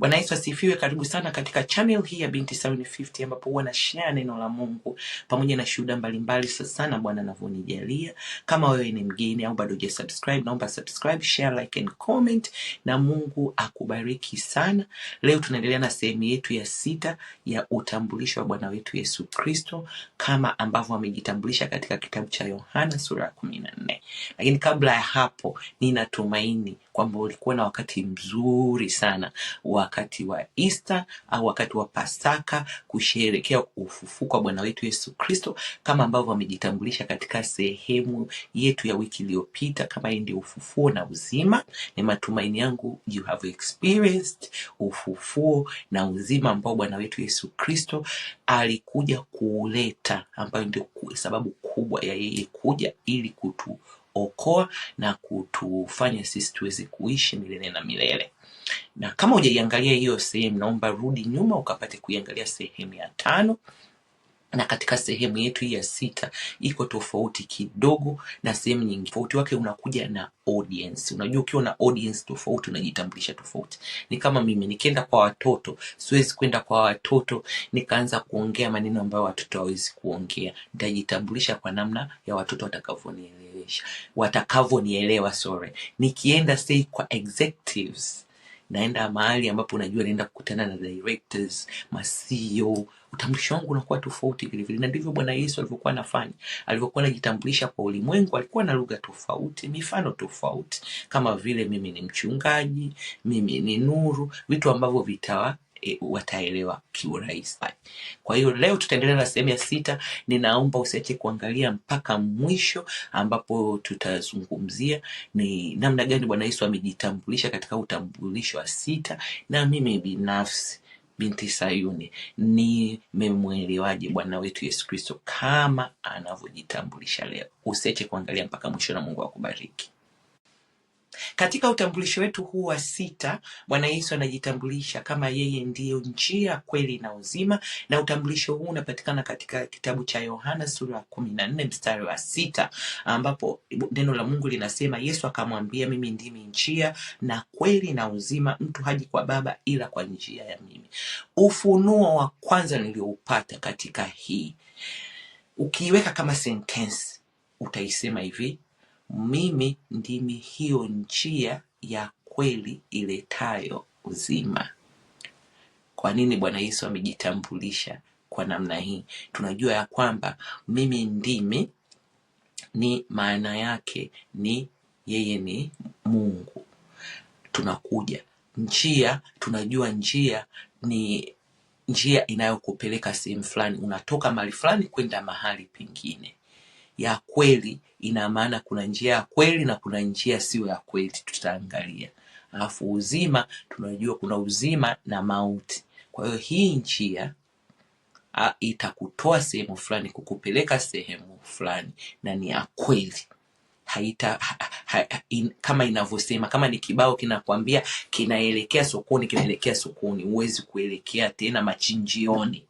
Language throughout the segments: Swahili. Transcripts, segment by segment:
Bwana Yesu asifiwe. Karibu sana katika channel hii ya Binti 750 ambapo huwa na share neno la Mungu pamoja na shuhuda mbalimbali, sana Bwana anavyonijalia. Kama wewe ni mgeni au bado subscribe, naomba subscribe, share, like and comment, na Mungu akubariki sana. Leo tunaendelea na sehemu yetu ya sita ya utambulisho wa Bwana wetu Yesu Kristo kama ambavyo amejitambulisha katika kitabu cha Yohana sura ya kumi na nne. Lakini kabla ya hapo, ninatumaini kwamba ulikuwa na wakati mzuri sana wa wakati wa Easter au wakati wa Pasaka kusherekea ufufuko wa Bwana wetu Yesu Kristo, kama ambavyo wamejitambulisha katika sehemu yetu ya wiki iliyopita, kama yeye ndio ufufuo na uzima. Ni matumaini yangu you have experienced ufufuo na uzima ambao Bwana wetu Yesu Kristo alikuja kuuleta, ambayo ndio sababu kubwa ya yeye kuja ili kutu okoa na kutufanya sisi tuweze kuishi milele na milele na kama hujaiangalia hiyo sehemu, naomba rudi nyuma ukapate kuiangalia sehemu ya tano na katika sehemu yetu hii ya sita iko tofauti kidogo na sehemu nyingine. Tofauti wake unakuja na audience. Unajua, ukiwa na audience tofauti unajitambulisha tofauti. Ni kama mimi nikienda kwa watoto, siwezi kwenda kwa watoto nikaanza kuongea maneno ambayo watoto hawezi kuongea. Nitajitambulisha kwa namna ya watoto watakavyonielewesha, watakavyonielewa sorry. Nikienda sei kwa executives naenda mahali ambapo najua naenda kukutana na directors, masio, e utambulisho wangu unakuwa tofauti vilevile. Na ndivyo Bwana Yesu alivyokuwa anafanya, alivyokuwa anajitambulisha kwa ulimwengu, alikuwa na lugha tofauti, mifano tofauti, kama vile mimi ni mchungaji, mimi ni nuru, vitu ambavyo vitawa e, wataelewa kiurahisi. Kwa hiyo leo tutaendelea na sehemu ya sita. Ninaomba usiache kuangalia mpaka mwisho, ambapo tutazungumzia ni namna gani Bwana Yesu amejitambulisha katika utambulisho wa sita, na mimi binafsi binti Sayuni nimemwelewaje Bwana wetu Yesu Kristo kama anavyojitambulisha leo. Usiache kuangalia mpaka mwisho, na Mungu akubariki. Katika utambulisho wetu huu wa sita, Bwana Yesu anajitambulisha kama yeye ndiyo njia, kweli na uzima, na utambulisho huu unapatikana katika kitabu cha Yohana sura ya kumi na nne mstari wa sita ambapo neno la Mungu linasema, Yesu akamwambia, mimi ndimi njia na kweli na uzima, mtu haji kwa Baba ila kwa njia ya mimi. Ufunuo wa kwanza nilioupata katika hii, ukiiweka kama sentensi utaisema hivi mimi ndimi hiyo njia ya kweli iletayo uzima. Kwa nini Bwana Yesu amejitambulisha kwa namna hii? Tunajua ya kwamba mimi ndimi ni maana yake ni yeye ni Mungu. Tunakuja njia, tunajua njia ni njia inayokupeleka sehemu fulani, unatoka mahali fulani kwenda mahali pengine ya kweli, ina maana kuna njia ya kweli na kuna njia sio ya kweli, tutaangalia. Alafu uzima, tunajua kuna uzima na mauti. Kwa hiyo hii njia a, itakutoa sehemu fulani kukupeleka sehemu fulani, na ni ya kweli haita ha, ha, in, kama inavyosema, kama ni kibao kinakwambia kinaelekea sokoni, kinaelekea sokoni, huwezi kuelekea tena machinjioni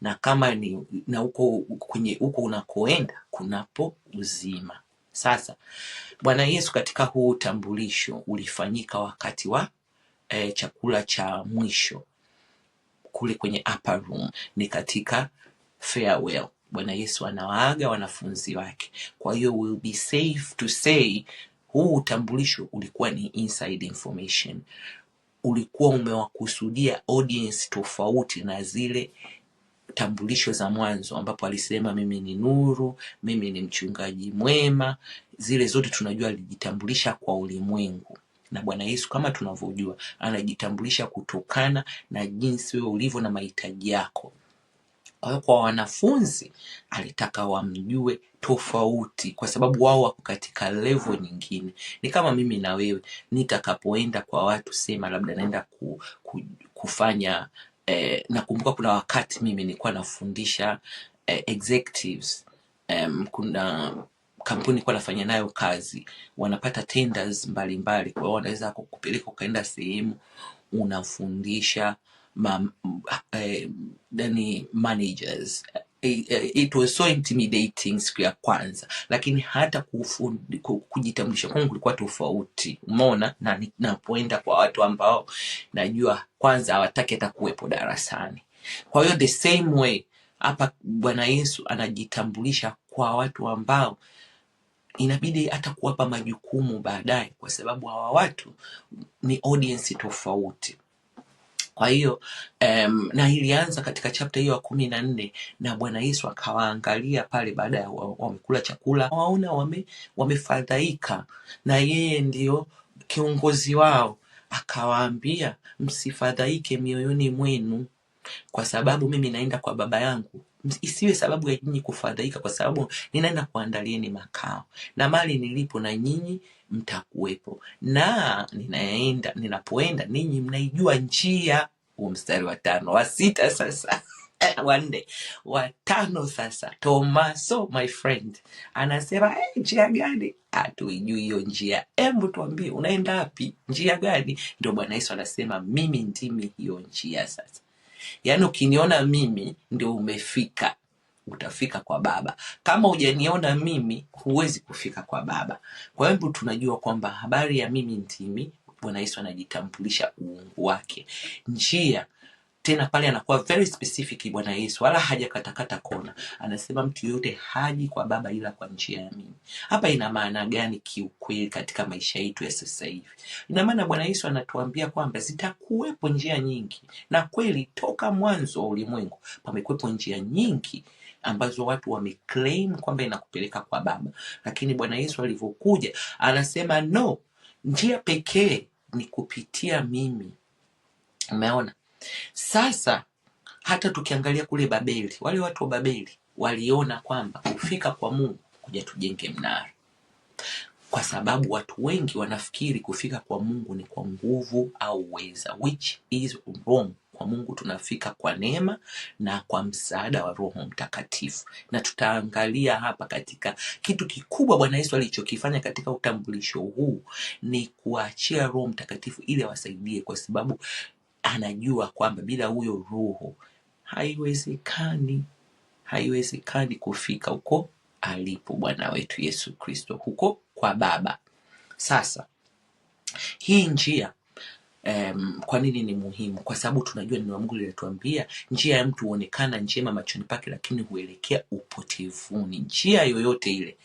na kama ni na huko kwenye huko unakoenda kunapo uzima. Sasa Bwana Yesu katika huu utambulisho ulifanyika wakati wa e, chakula cha mwisho kule kwenye upper room, ni katika farewell. Bwana Yesu anawaaga wanafunzi wake, kwa hiyo will be safe to say huu utambulisho ulikuwa ni inside information, ulikuwa umewakusudia audience tofauti na zile tambulisho za mwanzo ambapo alisema mimi ni nuru, mimi ni mchungaji mwema. Zile zote tunajua alijitambulisha kwa ulimwengu, na Bwana Yesu kama tunavyojua anajitambulisha kutokana na jinsi wewe ulivyo na mahitaji yako. Kwa hiyo kwa wanafunzi alitaka wamjue tofauti, kwa sababu wao wako katika level nyingine. Ni kama mimi na wewe, nitakapoenda kwa watu sema labda naenda ku, ku, kufanya eh, nakumbuka kuna wakati mimi nilikuwa nafundisha eh, executives em, kuna kampuni nilikuwa nafanya nayo kazi wanapata tenders mbalimbali, kwa hiyo wanaweza kukupeleka ukaenda sehemu unafundisha ma, eh, managers Eh, eh, it was so intimidating siku ya kwanza, lakini hata kujitambulisha kwangu kulikuwa tofauti, umeona, na napoenda kwa watu ambao najua kwanza hawataki hata kuwepo darasani. Kwa hiyo the same way hapa Bwana Yesu anajitambulisha kwa watu ambao inabidi hata kuwapa majukumu baadaye, kwa sababu hawa watu ni audience tofauti. Kwa hiyo um, na ilianza katika chapta hiyo ya kumi na nne na Bwana Yesu akawaangalia pale baada ya wamekula chakula, waona wame, wamefadhaika na yeye ndio kiongozi wao, akawaambia msifadhaike mioyoni mwenu, kwa sababu mimi naenda kwa Baba yangu. Isiwe sababu ya nyinyi kufadhaika, kwa sababu ninaenda kuandalieni makao, na mali nilipo na nyinyi mtakuwepo, na ninaenda ninapoenda ninyi mnaijua njia. huu mstari wa tano wa sita sasa wanne watano sasa, Tomaso my friend anasema hey, eh, njia gani? Hatuijui hiyo njia, hebu tuambie unaenda wapi, njia gani? Ndio Bwana Yesu anasema mimi ndimi hiyo njia. Sasa yaani ukiniona mimi ndio umefika utafika kwa Baba. Kama hujaniona mimi, huwezi kufika kwa Baba. Kwa hivyo tunajua kwamba habari ya mimi ndimi, Bwana Yesu anajitambulisha uungu wake, njia tena pale anakuwa very specific Bwana Yesu, wala hajakatakata kona, anasema mtu yoyote haji kwa Baba ila kwa njia ya mimi. Hapa ina maana gani kiukweli katika maisha yetu ya sasa hivi? Ina maana Bwana Yesu anatuambia kwamba zitakuwepo njia nyingi, na kweli toka mwanzo wa ulimwengu pamekuwepo njia nyingi ambazo watu wameclaim kwamba inakupeleka kwa Baba, lakini Bwana Yesu alivyokuja anasema no, njia pekee ni kupitia mimi. Umeona? Sasa hata tukiangalia kule Babeli, wale watu wa Babeli waliona kwamba kufika kwa Mungu kuja tujenge mnara, kwa sababu watu wengi wanafikiri kufika kwa Mungu ni kwa nguvu au uweza, which is wrong. Kwa Mungu tunafika kwa neema na kwa msaada wa Roho Mtakatifu, na tutaangalia hapa katika kitu kikubwa Bwana Yesu alichokifanya katika utambulisho huu ni kuachia Roho Mtakatifu ili awasaidie, kwa sababu anajua kwamba bila huyo Roho haiwezekani, haiwezekani kufika huko alipo Bwana wetu Yesu Kristo, huko kwa Baba. Sasa hii njia Um, kwa nini ni muhimu? Kwa sababu tunajua neno la Mungu linatuambia njia ya mtu huonekana njema machoni pake, lakini huelekea upotevuni. Njia yoyote ile,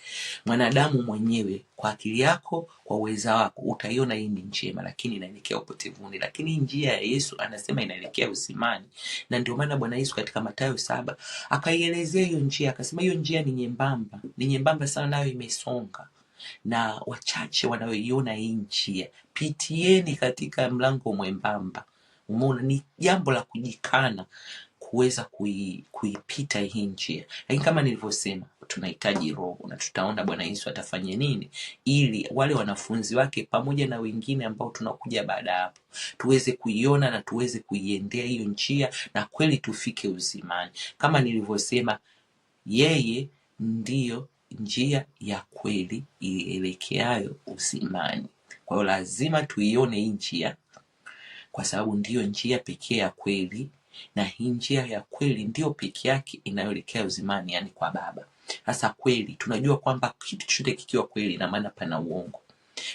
mwanadamu mwenyewe kwa akili yako, kwa uweza wako utaiona hii ni njema, lakini inaelekea upotevuni. Lakini njia ya Yesu anasema inaelekea uzimani, na ndio maana Bwana Yesu katika matayo saba akaielezea hiyo njia, akasema hiyo njia ni nyembamba, ni nyembamba sana, nayo imesonga na wachache wanaoiona hii njia, pitieni katika mlango mwembamba. Umeona, ni jambo la kujikana kuweza kui, kuipita hii njia, lakini kama nilivyosema, tunahitaji Roho na tutaona Bwana Yesu atafanya nini ili wale wanafunzi wake pamoja na wengine ambao tunakuja baada hapo tuweze kuiona na tuweze kuiendea hiyo njia na kweli tufike uzimani. Kama nilivyosema, yeye ndiyo njia ya kweli ielekeayo uzimani. Kwa hiyo lazima tuione hii njia, kwa sababu ndiyo njia pekee ya kweli, na hii njia ya kweli ndiyo pekee yake inayoelekea uzimani, yani kwa Baba. Sasa kweli, tunajua kwamba kitu chote kikiwa kweli, ina maana pana uongo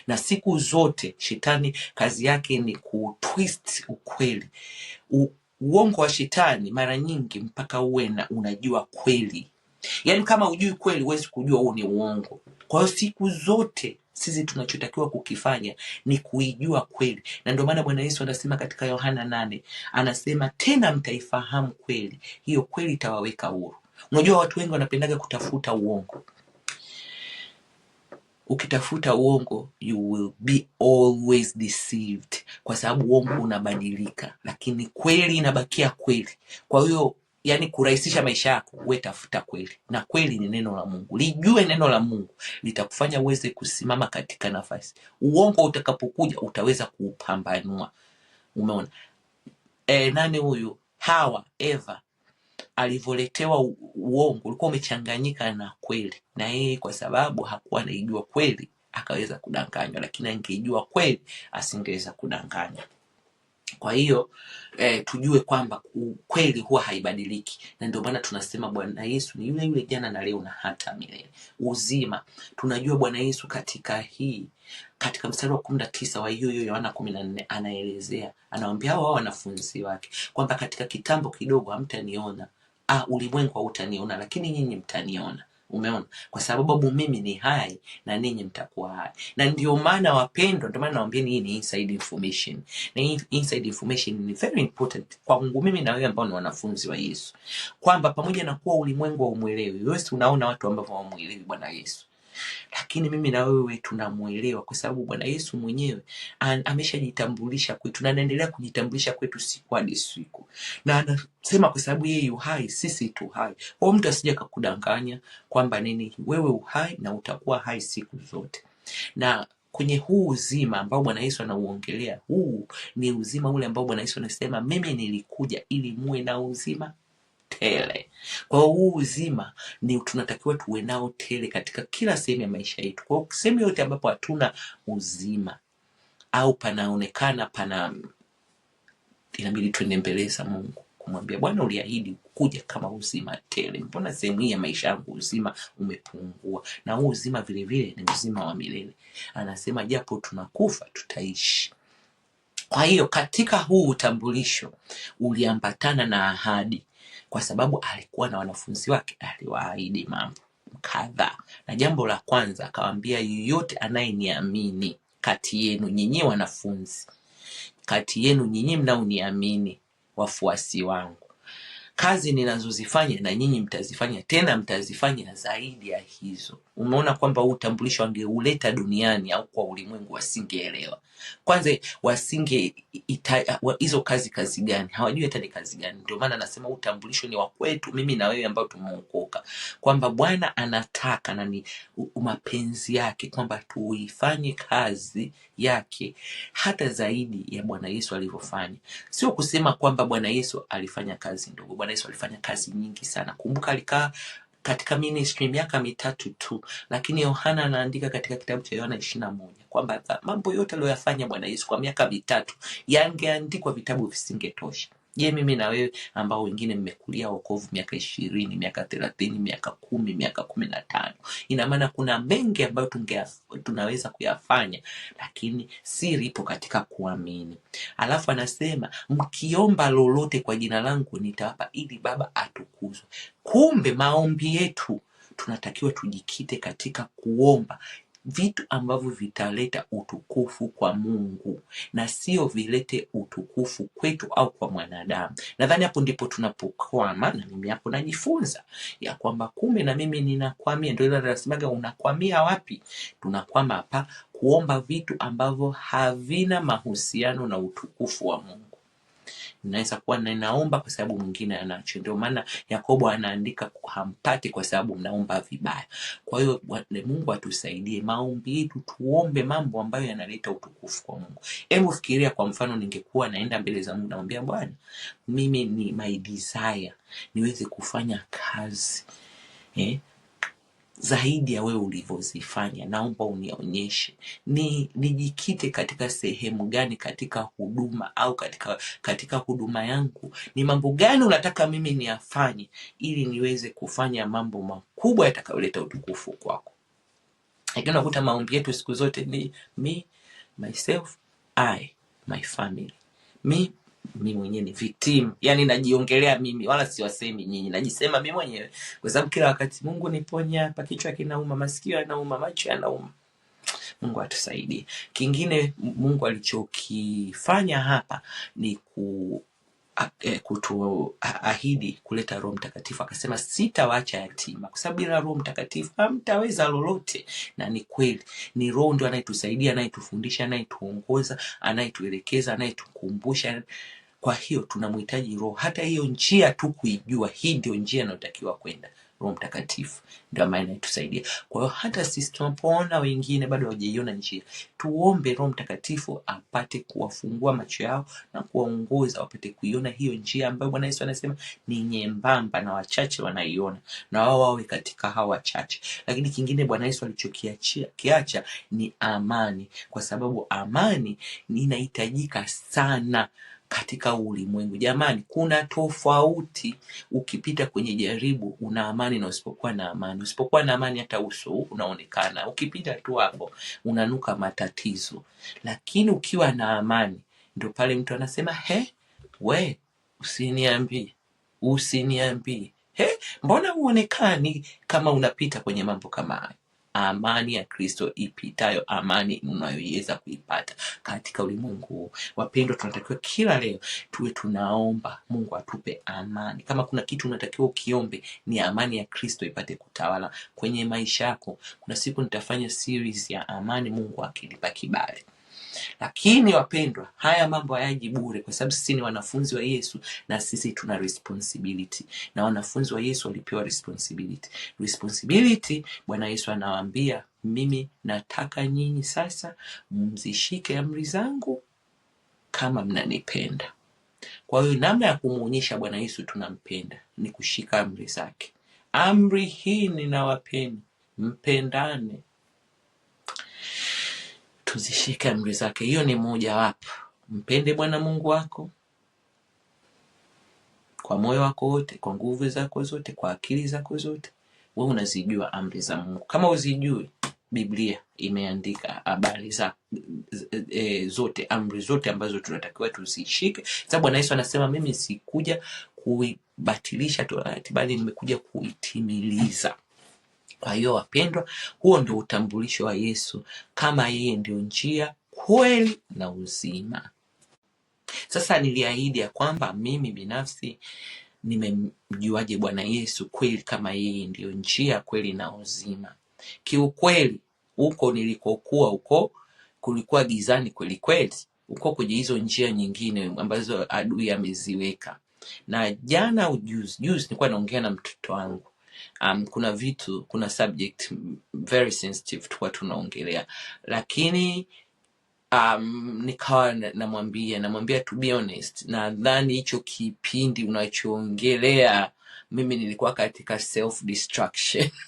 na siku zote shetani kazi yake ni kutwist ukweli. U, uongo wa shetani mara nyingi mpaka uwe na unajua kweli Yaani kama hujui kweli, huwezi kujua huu ni uongo. Kwa hiyo siku zote sisi tunachotakiwa kukifanya ni kuijua kweli, na ndio maana Bwana Yesu anasema katika Yohana nane, anasema tena mtaifahamu kweli, hiyo kweli itawaweka huru. Unajua watu wengi wanapendaga kutafuta uongo. Ukitafuta uongo you will be always deceived, kwa sababu uongo unabadilika, lakini kweli inabakia kweli. Kwa hiyo yani kurahisisha maisha yako, we tafuta kweli, na kweli ni neno la Mungu. Lijue neno la Mungu litakufanya uweze kusimama katika nafasi. Uongo utakapokuja utaweza kuupambanua. Umeona e, nani huyu Hawa Eva alivyoletewa uongo ulikuwa umechanganyika na kweli, na yeye kwa sababu hakuwa anaijua kweli akaweza kudanganywa, lakini angejua kweli asingeweza kudanganywa. Kwa hiyo eh, tujue kwamba ukweli huwa haibadiliki, na ndio maana tunasema Bwana Yesu ni yule yule jana na leo na hata milele. Uzima tunajua Bwana Yesu katika hii katika mstari wa kumi na tisa wa hiyo hiyo Yohana kumi na nne anaelezea anawambia hao wanafunzi wake kwamba katika kitambo kidogo hamtaniona, ah, ulimwengu hautaniona, lakini nyinyi mtaniona. Umeona, kwa sababu mimi ni hai na ninyi mtakuwa hai, na ndio maana wapendwa, ndio maana nawaambieni hii ni inside information, na inside information ni very important kwangu mimi na wewe ambao ni wanafunzi wa Yesu, kwamba pamoja na kuwa ulimwengu wa umwelewi wewe unaona watu ambao hawamuelewi Bwana Yesu lakini mimi na wewe tunamwelewa kwa sababu Bwana Yesu mwenyewe ameshajitambulisha kwetu na anaendelea kujitambulisha kwetu siku hadi siku, na anasema kwa sababu yeye uhai, sisi tu hai. Kwa mtu asije akakudanganya kwamba nini, wewe uhai na utakuwa hai siku zote na kwenye huu uzima ambao Bwana Yesu anauongelea, huu ni uzima ule ambao Bwana Yesu anasema, mimi nilikuja ili muwe na uzima tele. Kwa hiyo huu uzima ni tunatakiwa tuwe nao tele katika kila sehemu ya maisha yetu. Kwa hiyo sehemu yote ambapo hatuna uzima au panaonekana pana, inabidi tuende mbele za Mungu kumwambia Bwana, uliahidi kuja kama uzima tele, mbona sehemu hii ya maisha yangu uzima umepungua? Na huu uzima vilevile ni uzima wa milele. Anasema japo tunakufa tutaishi. Kwa hiyo katika huu utambulisho uliambatana na ahadi kwa sababu alikuwa na wanafunzi wake aliwaahidi mambo kadhaa, na jambo la kwanza akawaambia, yeyote anayeniamini kati yenu nyinyi wanafunzi, kati yenu nyinyi mnaoniamini, wafuasi wangu, kazi ninazozifanya na nyinyi mtazifanya, tena mtazifanya zaidi ya hizo umeona kwamba huu utambulisho angeuleta duniani au kwa ulimwengu wasingeelewa. Kwanza wasinge wa, hizo kazi kazi gani hawajui hata ni kazi gani. Ndio maana anasema utambulisho ni wa kwetu, mimi na wewe ambao tumeokoka, kwamba Bwana anataka na ni mapenzi yake kwamba tuifanye kazi yake hata zaidi ya Bwana Yesu alivyofanya. Sio kusema kwamba Bwana Yesu alifanya kazi ndogo. Bwana Yesu alifanya kazi nyingi sana. Kumbuka alikaa katika ministry miaka mitatu tu, lakini Yohana anaandika katika kitabu cha Yohana ishirini na moja kwamba mambo yote aliyoyafanya Bwana Yesu kwa miaka mitatu yangeandikwa, vitabu visingetosha. Je, mimi na wewe ambao wengine mmekulia wokovu miaka ishirini, miaka thelathini, miaka kumi, miaka kumi na tano, ina maana kuna mengi ambayo tunaweza kuyafanya, lakini siri ipo katika kuamini. Alafu anasema mkiomba lolote kwa jina langu nitawapa, ili Baba atukuzwe. Kumbe maombi yetu tunatakiwa tujikite katika kuomba vitu ambavyo vitaleta utukufu kwa Mungu na sio vilete utukufu kwetu au kwa mwanadamu. Nadhani hapo ndipo tunapokwama, na mimi hapo najifunza ya kwamba kumbe na mimi ninakwamia. Ndio ile nasemaga, unakwamia wapi? Tunakwama hapa kuomba vitu ambavyo havina mahusiano na utukufu wa Mungu naweza kuwa ninaomba kwa sababu mwingine anacho. Ndio maana Yakobo anaandika hampati kwa sababu mnaomba vibaya. Kwa hiyo Mungu atusaidie maombi yetu, tuombe mambo ambayo yanaleta utukufu kwa Mungu. Hebu fikiria, kwa mfano, ningekuwa naenda mbele za Mungu namwambia Bwana, mimi ni my desire niweze kufanya kazi eh? zaidi ya wewe ulivyozifanya. Naomba unionyeshe, ni nijikite katika sehemu gani katika huduma au katika, katika huduma yangu, ni mambo gani unataka mimi niyafanye ili niweze kufanya mambo makubwa yatakayoleta utukufu kwako. Lakini unakuta maombi yetu siku zote ni me myself I my family, me mi mwenyewe ni victim, yani najiongelea mimi, wala siwasemi nyinyi, najisema mi mwenyewe, kwa sababu kila wakati Mungu niponya hapa, kichwa kinauma, masikio yanauma, macho yanauma. Mungu atusaidie. Kingine Mungu alichokifanya hapa ni ku eh, kutuahidi kuleta Roho Mtakatifu, akasema sitawaacha yatima, kwa sababu bila Roho Mtakatifu hamtaweza lolote. Na ni kweli, ni Roho ndio anayetusaidia, anayetufundisha, anayetuongoza, anayetuelekeza, anayetukumbusha kwa hiyo tunamhitaji Roho, hata hiyo njia tu kuijua, hii ndio njia inayotakiwa kwenda. Roho Mtakatifu ndio ambaye anatusaidia. Kwa hiyo hata sisi tunapoona wengine bado hawajaiona njia, tuombe Roho Mtakatifu apate kuwafungua macho yao na kuwaongoza wapate kuiona hiyo njia ambayo Bwana Yesu anasema ni nyembamba na wachache wanaiona, na wao wawe katika hao wachache. Lakini kingine Bwana Yesu alichokiacha ni amani, kwa sababu amani inahitajika sana katika ulimwengu. Jamani, kuna tofauti. Ukipita kwenye jaribu una amani na usipokuwa na amani. Usipokuwa na amani, hata uso unaonekana, ukipita tu hapo unanuka matatizo. Lakini ukiwa na amani, ndio pale mtu anasema he, we usiniambie, usiniambie, he, mbona huonekani kama unapita kwenye mambo kama haya? amani ya Kristo ipitayo amani mnayoweza kuipata katika ulimwengu huu. Wapendwa, tunatakiwa kila leo tuwe tunaomba Mungu atupe amani. Kama kuna kitu unatakiwa ukiombe, ni amani ya Kristo ipate kutawala kwenye maisha yako. Kuna siku nitafanya series ya amani, Mungu akilipa kibali. Lakini wapendwa, haya mambo hayaji bure, kwa sababu sisi ni wanafunzi wa Yesu na sisi tuna responsibility, na wanafunzi wa Yesu walipewa responsibility. Responsibility Bwana Yesu anawaambia, mimi nataka nyinyi sasa mzishike amri zangu kama mnanipenda. Kwa hiyo namna ya kumwonyesha Bwana Yesu tunampenda ni kushika amri zake. Amri hii ninawapeni mpendane tuzishike amri zake. Hiyo ni mojawapo, mpende Bwana Mungu wako kwa moyo wako wote, kwa nguvu zako zote, kwa akili zako zote. Wewe unazijua amri za Mungu. Kama uzijui, Biblia imeandika habari za e, zote amri zote ambazo tunatakiwa tuzishike, sababu Bwana Yesu anasema mimi sikuja kuibatilisha Torati, bali nimekuja kuitimiliza. Kwa hiyo wapendwa, huo ndio utambulisho wa Yesu kama yeye ndio njia, kweli na uzima. Sasa niliahidi ya kwamba mimi binafsi nimemjuaje Bwana Yesu kweli kama yeye ndiyo njia, kweli na uzima. Kiukweli huko nilikokuwa huko kulikuwa gizani kweli kweli, huko kwenye hizo njia nyingine ambazo adui ameziweka. Na jana ujuzi juzi nilikuwa naongea na mtoto wangu um, kuna vitu, kuna subject very sensitive tuwa tunaongelea, lakini um, nikawa namwambia namwambia to be honest, nadhani hicho kipindi unachoongelea mimi nilikuwa katika self destruction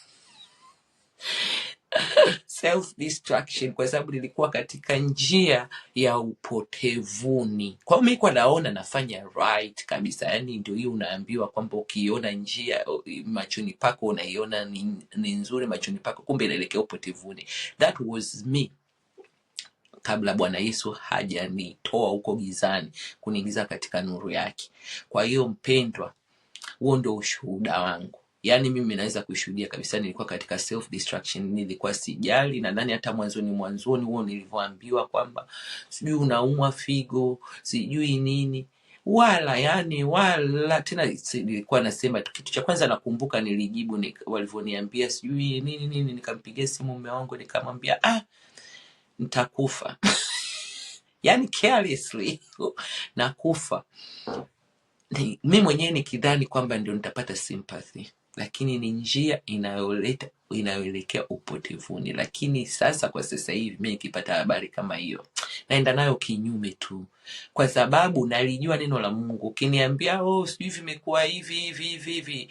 self destruction kwa sababu nilikuwa katika njia ya upotevuni. Kwa hiyo mimi naona nafanya right kabisa, yani ndio hiyo unaambiwa kwamba ukiona njia machoni pako unaiona ni, ni nzuri machoni pako, kumbe inaelekea upotevuni. That was me kabla Bwana Yesu hajanitoa huko gizani kuniingiza katika nuru yake. Kwa hiyo mpendwa, huo ndio ushuhuda wangu. Yaani mimi naweza kushuhudia kabisa nilikuwa katika self destruction, nilikuwa sijali. Nadhani hata mwanzoni mwanzoni huo nilivyoambiwa kwamba sijui unaumwa figo sijui nini wala yani wala tena nilikuwa nasema kitu cha kwanza nakumbuka nilijibu ni, walivyoniambia sijui nini nini nikampigia simu mume wangu nikamwambia ah nitakufa yani carelessly nakufa mi mwenyewe nikidhani kwamba ndio nitapata sympathy lakini ni njia inayoleta inayoelekea upotevuni. Lakini sasa kwa sasa hivi mimi nikipata habari kama hiyo naenda nayo kinyume tu, kwa sababu nalijua neno la Mungu. Ukiniambia oh, sijui vimekuwa hivi hivi hivi hivi,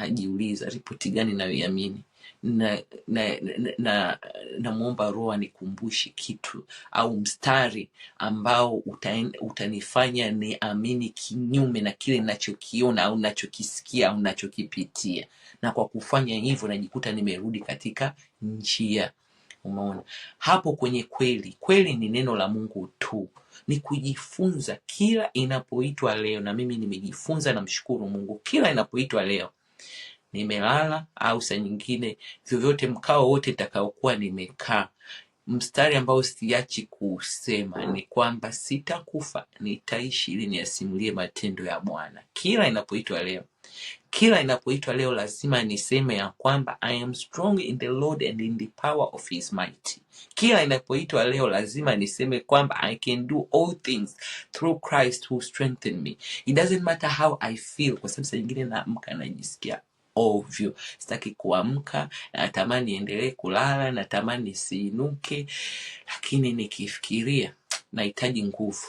najiuliza ripoti gani nayoiamini? na namwomba na, na, na roa anikumbushe kitu au mstari ambao utan, utanifanya niamini kinyume na kile ninachokiona au ninachokisikia au ninachokipitia, na kwa kufanya hivyo najikuta nimerudi katika njia. Umeona hapo kwenye kweli. Kweli ni neno la Mungu tu, ni kujifunza kila inapoitwa leo, na mimi nimejifunza, namshukuru Mungu kila inapoitwa leo nimelala au saa nyingine vyovyote, mkao wote nitakaokuwa nimekaa. Mstari ambao siachi kusema ni kwamba sitakufa, nitaishi ili niyasimulie matendo ya Bwana. Kila inapoitwa leo, kila inapoitwa leo, lazima niseme ya kwamba I am strong in the Lord and in the power of his might. Kila inapoitwa leo, lazima niseme kwamba I can do all things through Christ who strengthen me. It doesn't matter how I feel, kwa sababu saa nyingine naamka najisikia ovyo. Sitaki kuamka, natamani endelee kulala, natamani siinuke lakini nikifikiria nahitaji nguvu.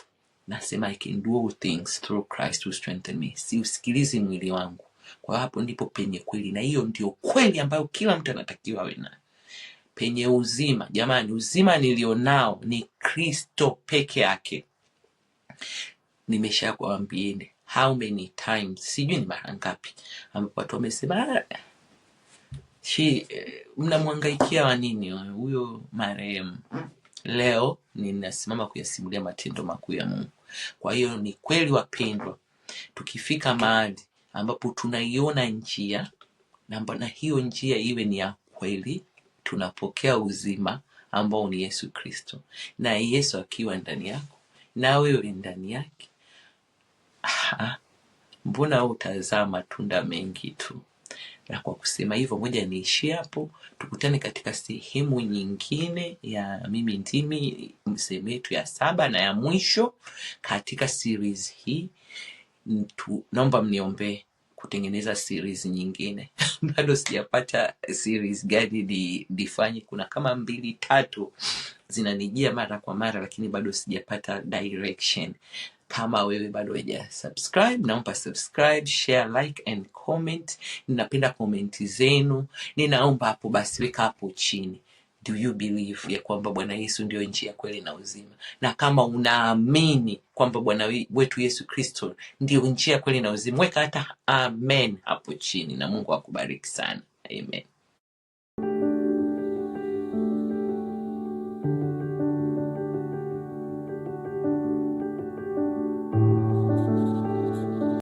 Nasema I can do all things through Christ who me. Siusikilizi mwili wangu, kwa hapo ndipo penye kweli, na hiyo ndio kweli ambayo kila mtu anatakiwa awe nayo penye uzima. Jamani, uzima nilionao ni Kristo peke yake. Nimeshakwambieni how many times, sijui ni mara ngapi, ambapo watu wamesema ah, shi, eh, mnamwangaikia wa nini huyo marehemu? Leo ninasimama kuyasimulia matendo makuu ya Mungu. Kwa hiyo ni kweli wapendwa, tukifika mahali ambapo tunaiona njia na hiyo njia iwe ni ya kweli, tunapokea uzima ambao ni Yesu Kristo, na Yesu akiwa ndani yako na wewe ndani yake mbona wewe utazaa matunda mengi tu. Na kwa kusema hivyo, moja niishie hapo, tukutane katika sehemu nyingine ya Mimi Ndimi, sehemu yetu ya saba na ya mwisho katika series hii. Mtu- Naomba mniombee kutengeneza series nyingine bado sijapata series gani di, difanye. Kuna kama mbili tatu zinanijia mara kwa mara, lakini bado sijapata direction. Kama wewe bado huja subscribe, naomba subscribe, share, like and comment. Ninapenda komenti zenu, ninaomba hapo basi, weka hapo chini do you believe ya kwamba Bwana Yesu ndio njia ya kweli na uzima, na kama unaamini kwamba Bwana wetu Yesu Kristo ndio njia ya kweli na uzima, weka hata amen hapo chini, na Mungu akubariki sana, amen.